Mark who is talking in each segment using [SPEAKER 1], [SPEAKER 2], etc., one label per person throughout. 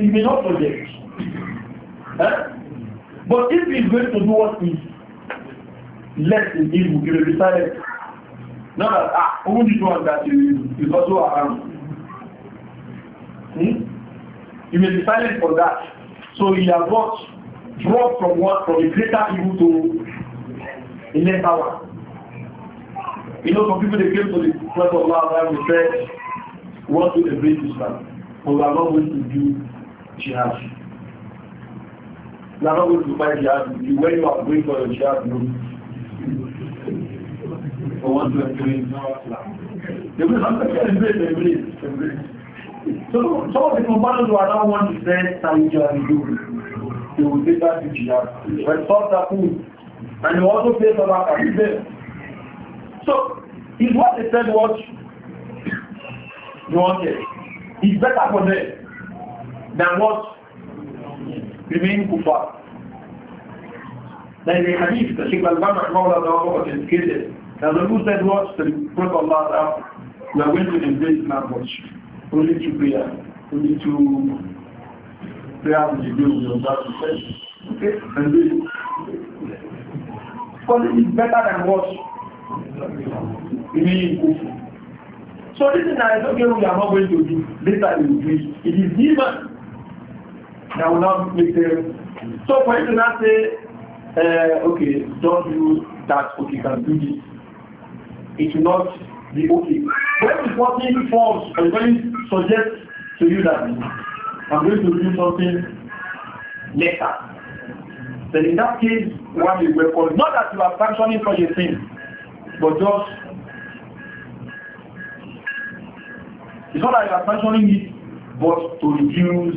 [SPEAKER 1] he may not forget. Huh? Eh? But if he's going to do what is less in evil, he will be silent. Not that, ah, who did one that is, is also around. Hmm? He may be silent for that. So he has not dropped from what from a greater evil to a lesser one. You know, some people they came to the Prophet of Allah and they said, want to embrace Islam, but we are not going to do jihad. Now how would you buy jihad? Where you are going for your jihad no?
[SPEAKER 2] For one, two, and three, no,
[SPEAKER 1] They will have to get embrace, embrace, So some of the companions who are now want to say, Sahih Jihad They will take that to jihad. When thoughts are food, and you also pay for that, and there. So, is what they said what you wanted. It's better for them. than what remain kuffar. There is a hadith that Sheikh Al-Bama Mawla indicated that the who said what the Prophet Allah we are going to embrace Islam watch. Only to prayer, only to prayer with the day we are about to say. Okay? And this. it. Because it is better than what? Remain kuffar. So this is not something we are not going to do. Later we will do it. It is given that will not make them. So for you to not say, uh, okay, don't do that, okay, can do this. It will not be okay. When reporting falls I'm going to suggest to you that I'm going to do something later. Then in that case, what one will record. Not that you are functioning for your thing, but just it's not that you are functioning it, but to reduce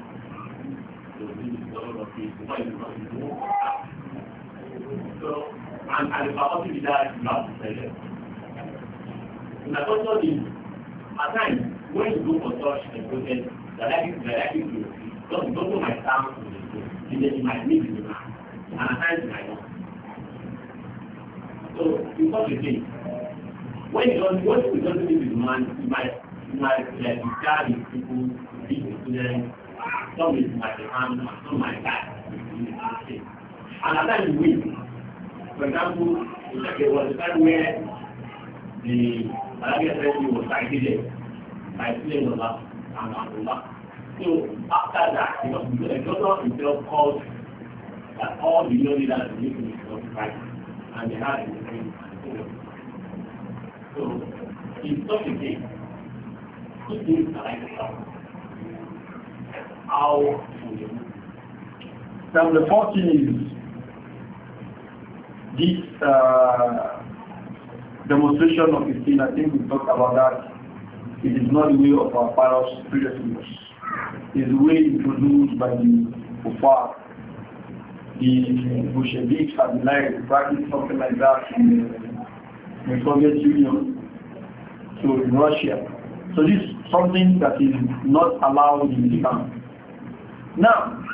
[SPEAKER 2] So, and, and the faculty leader is not decided. In addition, is, at times, when you go for such a project, the likely the likely to because you don't know my sound, and then you might meet the man, and at times you might not. So, because you think, when you don't, when you don't meet the man, you might, you might uh, discard the people, the students, Some is my hand, some my back. And at times we, for example, it was the time where the Arabian Treasury was targeted by Sulaymanullah and Abdullah. So after that, because the governor himself called that all the young leaders need to be notified, and they had the same. So in such a case, two things are like the how
[SPEAKER 1] Now the fourth thing is this uh, demonstration of the sin. I think we talked about that. It is not the way of our parents predecessors. It is the way introduced by the Kufar. The Bolsheviks have denied practice something like that in the, Soviet Union, to Russia. So this is something that is not allowed in Islam. No.